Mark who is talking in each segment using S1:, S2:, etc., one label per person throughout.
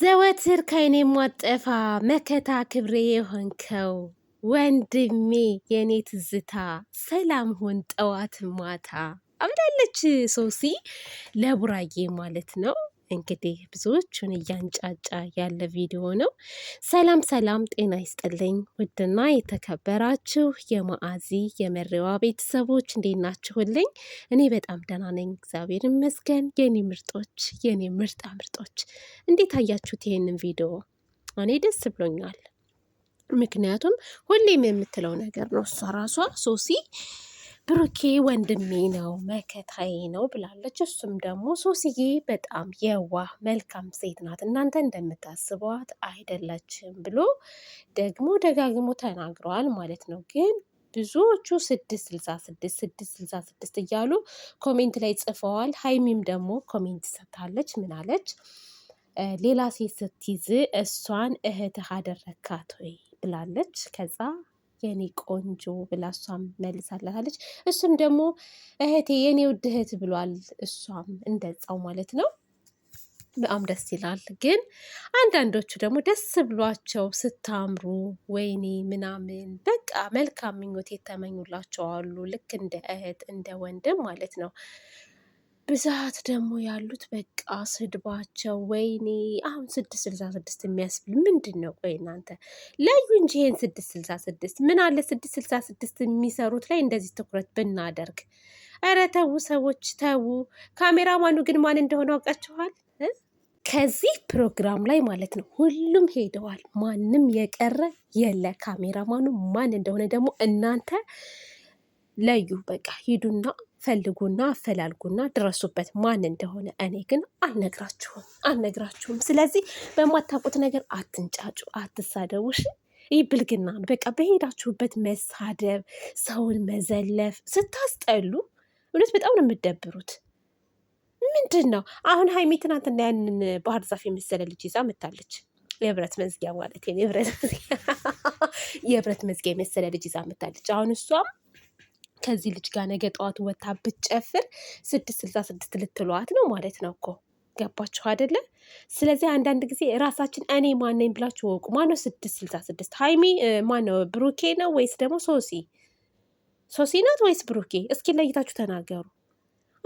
S1: ዘወትር ከይኔ ሟጠፋ መከታ ክብሬ የሆንከው ወንድሜ የኔ ትዝታ ሰላም ሆን ጠዋት ማታ። አብዳለች ሶሲ ለቡራዬ ማለት ነው። እንግዲህ ብዙዎቹን እያንጫጫ ያለ ቪዲዮ ነው። ሰላም ሰላም፣ ጤና ይስጥልኝ ውድና የተከበራችሁ የማአዚ የመሪዋ ቤተሰቦች እንዴት ናችሁልኝ? እኔ በጣም ደህና ነኝ፣ እግዚአብሔር ይመስገን። የኔ ምርጦች፣ የኔ ምርጣ ምርጦች እንዴት አያችሁት ይሄንን ቪዲዮ? እኔ ደስ ብሎኛል። ምክንያቱም ሁሌም የምትለው ነገር ነው እሷ ራሷ ሶሲ ብሩኬ ወንድሜ ነው መከታዬ ነው ብላለች። እሱም ደግሞ ሶስዬ በጣም የዋህ መልካም ሴት ናት፣ እናንተ እንደምታስቧት አይደለችም ብሎ ደግሞ ደጋግሞ ተናግረዋል ማለት ነው ግን ብዙዎቹ ስድስት ስልሳ ስድስት ስድስት ስልሳ ስድስት እያሉ ኮሜንት ላይ ጽፈዋል። ሀይሚም ደግሞ ኮሜንት ሰጥታለች። ምን አለች? ሌላ ሴት ስትይዝ እሷን እህትህ አደረካት ወይ ብላለች። ከዛ የኔ ቆንጆ ብላ እሷም መልሳላታለች። እሱም ደግሞ እህቴ የኔ ውድ እህት ብሏል። እሷም እንደጻው ማለት ነው። በጣም ደስ ይላል። ግን አንዳንዶቹ ደግሞ ደስ ብሏቸው ስታምሩ ወይኔ ምናምን በቃ መልካም ምኞት የተመኙላቸው አሉ። ልክ እንደ እህት እንደ ወንድም ማለት ነው። ብዛት ደግሞ ያሉት በቃ ስድባቸው ወይኔ አሁን ስድስት ስልሳ ስድስት የሚያስብል ምንድን ነው? ቆይ እናንተ ለዩ እንጂ ይሄን ስድስት ስልሳ ስድስት ምን አለ ስድስት ስልሳ ስድስት የሚሰሩት ላይ እንደዚህ ትኩረት ብናደርግ። ኧረ ተዉ ሰዎች ተዉ። ካሜራማኑ ግን ማን እንደሆነ አውቃችኋል? ከዚህ ፕሮግራም ላይ ማለት ነው ሁሉም ሄደዋል። ማንም የቀረ የለ። ካሜራማኑ ማን እንደሆነ ደግሞ እናንተ ለዩ። በቃ ሂዱና ፈልጉና አፈላልጉና ድረሱበት። ማን እንደሆነ እኔ ግን አልነግራችሁም አልነግራችሁም። ስለዚህ በማታውቁት ነገር አትንጫጩ፣ አትሳደቡሽ። ይህ ብልግና ነው። በቃ በሄዳችሁበት መሳደብ፣ ሰውን መዘለፍ ስታስጠሉ፣ እውነት በጣም ነው የምደብሩት? ምንድን ነው አሁን ሀይሚ ትናንትና ያንን ባህር ዛፍ የመሰለ ልጅ ይዛ መታለች። የብረት መዝጊያ ማለት የብረት መዝጊያ የብረት መዝጊያ የመሰለ ልጅ ይዛ መታለች። አሁን እሷም ከዚህ ልጅ ጋር ነገ ጠዋት ወታ ብትጨፍር ስድስት ስልሳ ስድስት ልትለዋት ነው ማለት ነው እኮ ገባችሁ አይደለ? ስለዚህ አንዳንድ ጊዜ ራሳችን እኔ ማነኝ ብላችሁ ወቁ። ማነው ስድስት ስልሳ ስድስት ሀይሚ ማነው? ብሩኬ ነው ወይስ ደግሞ ሶሲ? ሶሲ ናት ወይስ ብሩኬ? እስኪ ለይታችሁ ተናገሩ።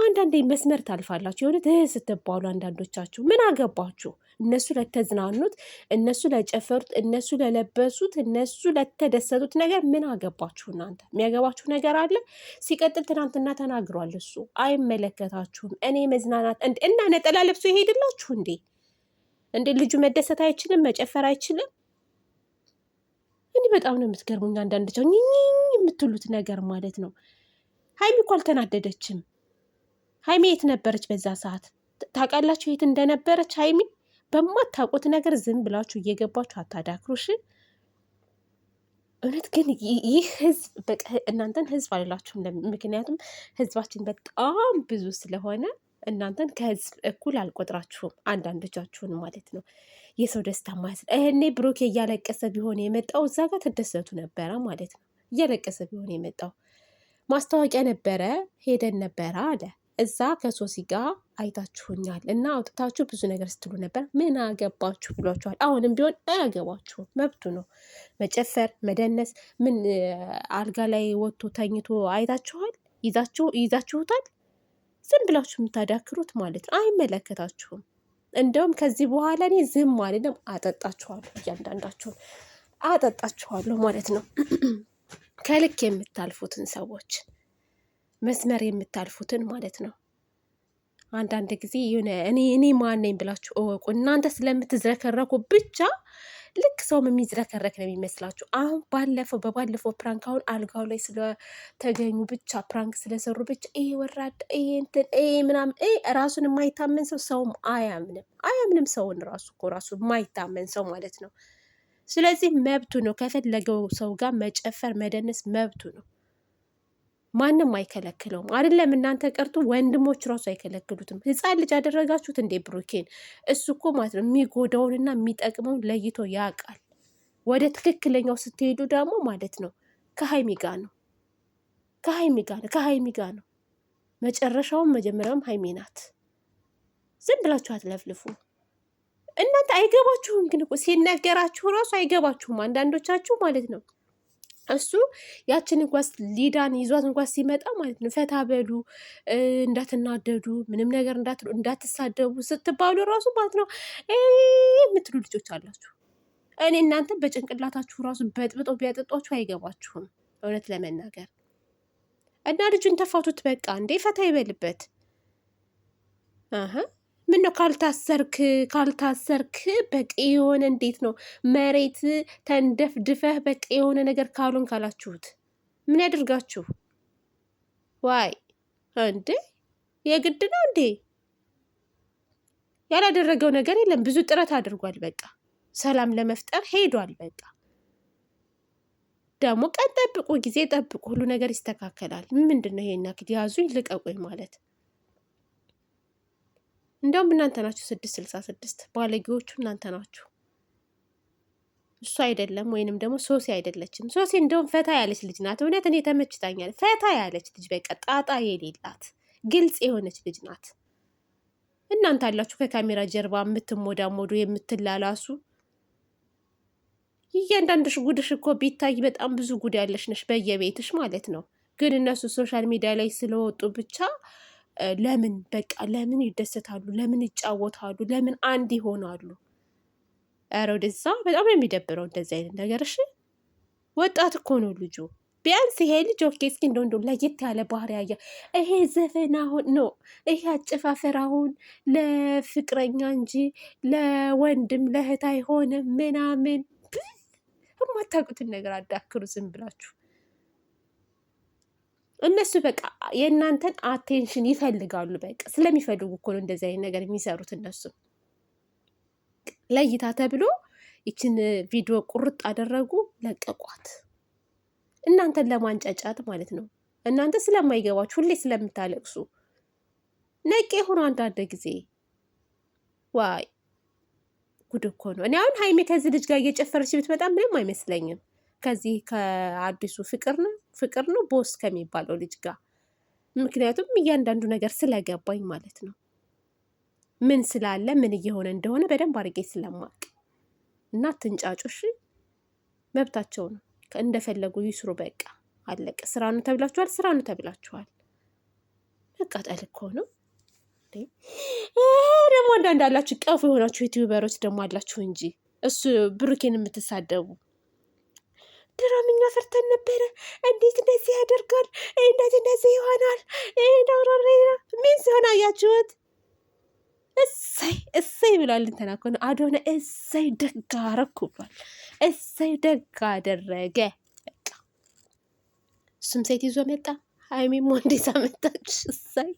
S1: አንዳንዴ መስመር ታልፋላችሁ። የሆነ ትህ ስትባሉ አንዳንዶቻችሁ ምን አገባችሁ? እነሱ ለተዝናኑት፣ እነሱ ለጨፈሩት፣ እነሱ ለለበሱት፣ እነሱ ለተደሰቱት ነገር ምን አገባችሁ እናንተ? የሚያገባችሁ ነገር አለ? ሲቀጥል ትናንትና ተናግሯል እሱ አይመለከታችሁም። እኔ መዝናናት እና ነጠላ ለብሶ ይሄድላችሁ እንዴ? እንዴ ልጁ መደሰት አይችልም? መጨፈር አይችልም? እኔ በጣም ነው የምትገርሙኝ አንዳንድ ሰው የምትሉት ነገር ማለት ነው። ሀይሚ እኮ አልተናደደችም። ሀይሚ የት ነበረች በዛ ሰዓት? ታውቃላችሁ የት እንደነበረች ሀይሚ? በማታውቁት ነገር ዝም ብላችሁ እየገባችሁ አታዳክሩሽ። እውነት ግን ይህ ህዝብ በቃ እናንተን ህዝብ አልላችሁም። ምክንያቱም ህዝባችን በጣም ብዙ ስለሆነ እናንተን ከህዝብ እኩል አልቆጥራችሁም። አንዳንዶቻችሁን ማለት ነው። የሰው ደስታ ማለት እኔ ይሄኔ እያለቀሰ ቢሆን የመጣው እዛ ጋር ትደሰቱ ነበረ ማለት ነው። እያለቀሰ ቢሆን የመጣው ማስታወቂያ ነበረ ሄደን ነበረ አለ እዛ ከሶሲ ጋር አይታችሁኛል እና አውጥታችሁ ብዙ ነገር ስትሉ ነበር። ምን አገባችሁ ብሏችኋል። አሁንም ቢሆን አያገባችሁም፣ መብቱ ነው። መጨፈር፣ መደነስ ምን አልጋ ላይ ወጥቶ ተኝቶ አይታችኋል። ይዛችሁታል። ዝም ብላችሁ የምታዳክሩት ማለት ነው። አይመለከታችሁም። እንደውም ከዚህ በኋላ እኔ ዝም አልልም፣ አጠጣችኋለሁ። እያንዳንዳችሁን አጠጣችኋለሁ ማለት ነው። ከልክ የምታልፉትን ሰዎች መስመር የምታልፉትን ማለት ነው። አንዳንድ ጊዜ የሆነ እኔ እኔ ማን ነኝ ብላችሁ እወቁ። እናንተ ስለምትዝረከረኩ ብቻ ልክ ሰውም የሚዝረከረክ ነው የሚመስላችሁ። አሁን ባለፈው በባለፈው ፕራንክ አሁን አልጋው ላይ ስለተገኙ ብቻ ፕራንክ ስለሰሩ ብቻ ይሄ ወራዳ ይሄ እንትን ይሄ ምናምን ይሄ ራሱን የማይታመን ሰው ሰውም አያምንም አያምንም ሰውን ራሱ እኮ ራሱ የማይታመን ሰው ማለት ነው። ስለዚህ መብቱ ነው። ከፈለገው ሰው ጋር መጨፈር መደነስ መብቱ ነው። ማንም አይከለክለውም። አይደለም እናንተ ቀርቶ ወንድሞች ራሱ አይከለክሉትም። ህፃን ልጅ ያደረጋችሁት እንዴ ብሩኬን? እሱ እኮ ማለት ነው የሚጎዳውንና የሚጠቅመውን ለይቶ ያውቃል። ወደ ትክክለኛው ስትሄዱ ደግሞ ማለት ነው ከሀይሚ ጋ ነው ከሀይሚ ጋ ነው ከሀይሚ ጋ ነው። መጨረሻውን መጀመሪያውም ሀይሚ ናት። ዝም ብላችሁ አትለፍልፉ። እናንተ አይገባችሁም። ግን ሲነገራችሁ ራሱ አይገባችሁም። አንዳንዶቻችሁ ማለት ነው እሱ ያችን እንኳስ ሊዳን ይዟት እንኳስ ሲመጣ ማለት ነው ፈታ በሉ እንዳትናደዱ፣ ምንም ነገር እንዳትሳደቡ ስትባሉ ራሱ ማለት ነው የምትሉ ልጆች አላችሁ። እኔ እናንተ በጭንቅላታችሁ ራሱ በጥብጦ ቢያጠጧችሁ አይገባችሁም፣ እውነት ለመናገር እና ልጁን ተፋቱት። በቃ እንዴ ፈታ ይበልበት። ምነው ካልታሰርክ ካልታሰርክ በቂ የሆነ እንዴት ነው መሬት ተንደፍ ድፈህ በቂ የሆነ ነገር ካሉን ካላችሁት ምን ያደርጋችሁ? ዋይ እንዴ የግድ ነው እንዴ? ያላደረገው ነገር የለም። ብዙ ጥረት አድርጓል። በቃ ሰላም ለመፍጠር ሄዷል። በቃ ደግሞ ቀን ጠብቁ፣ ጊዜ ጠብቁ፣ ሁሉ ነገር ይስተካከላል። ምንድን ነው ይሄን ያክል ያዙኝ ልቀቁኝ ማለት እንዲያውም እናንተ ናችሁ ስድስት ስልሳ ስድስት ባለጌዎቹ እናንተ ናችሁ። እሱ አይደለም ወይንም ደግሞ ሶሲ አይደለችም። ሶሲ እንደውም ፈታ ያለች ልጅ ናት። እውነት እኔ ተመችታኛል። ፈታ ያለች ልጅ በቃ ጣጣ የሌላት ግልጽ የሆነች ልጅ ናት። እናንተ አላችሁ ከካሜራ ጀርባ የምትሞዳሞዱ የምትላላሱ። እያንዳንድሽ ጉድሽ እኮ ቢታይ በጣም ብዙ ጉድ ያለሽ ነሽ በየቤትሽ ማለት ነው። ግን እነሱ ሶሻል ሚዲያ ላይ ስለወጡ ብቻ ለምን በቃ ለምን ይደሰታሉ? ለምን ይጫወታሉ? ለምን አንድ ይሆናሉ? ኧረ ወደዛ በጣም ነው የሚደብረው እንደዚህ አይነት ነገር። እሺ ወጣት እኮ ነው ልጁ። ቢያንስ ይሄ ልጅ ኦኬ፣ እስኪ እንደው እንደው ለየት ያለ ባህሪ ያያ። ይሄ ዘፈን አሁን ነው ይሄ አጨፋፈር አሁን ለፍቅረኛ እንጂ ለወንድም ለእህት አይሆንም ምናምን የማታውቁትን ነገር አዳክሩ ዝም ብላችሁ እነሱ በቃ የእናንተን አቴንሽን ይፈልጋሉ። በቃ ስለሚፈልጉ እኮ ነው እንደዚህ አይነት ነገር የሚሰሩት። እነሱ ለእይታ ተብሎ ይችን ቪዲዮ ቁርጥ አደረጉ፣ ለቀቋት። እናንተን ለማንጫጫት ማለት ነው። እናንተ ስለማይገባችሁ ሁሌ ስለምታለቅሱ ነቄ የሆኑ አንዳንድ ጊዜ ዋይ ጉድ እኮ ነው። እኔ አሁን ሀይሜ ከዚህ ልጅ ጋር እየጨፈረች ብትመጣ ምንም አይመስለኝም። ከዚህ ከአዲሱ ፍቅር ነው ፍቅር ነው ቦስ ከሚባለው ልጅ ጋር ምክንያቱም እያንዳንዱ ነገር ስለገባኝ ማለት ነው። ምን ስላለ ምን እየሆነ እንደሆነ በደንብ አድርጌ ስለማቅ እና ትንጫጮሽ መብታቸው ነው። እንደፈለጉ ይስሩ። በቃ አለቀ። ስራ ነው ተብላችኋል። ስራ ነው ተብላችኋል። መቃጠል እኮ ነው። ደግሞ አንዳንድ አላችሁ ቀፉ የሆናችሁ ዩቲዩበሮች ደግሞ አላችሁ እንጂ እሱ ብሩኬን የምትሳደቡ ድራምኛ ሰርተን ነበረ። እንዴት እንደዚህ ያደርጋል? እንዴት እንደዚህ ይሆናል? ዶሮሬራ ምን ሲሆን አያችሁት? እሰይ እሰይ ብሏል። እንትና አዶነ እሰይ ደግ አረኩ እሰይ ደግ አደረገ። እሱም ሴት ይዞ መጣ፣ ሀይሚም ወንዴ ሳመጣች እሰይ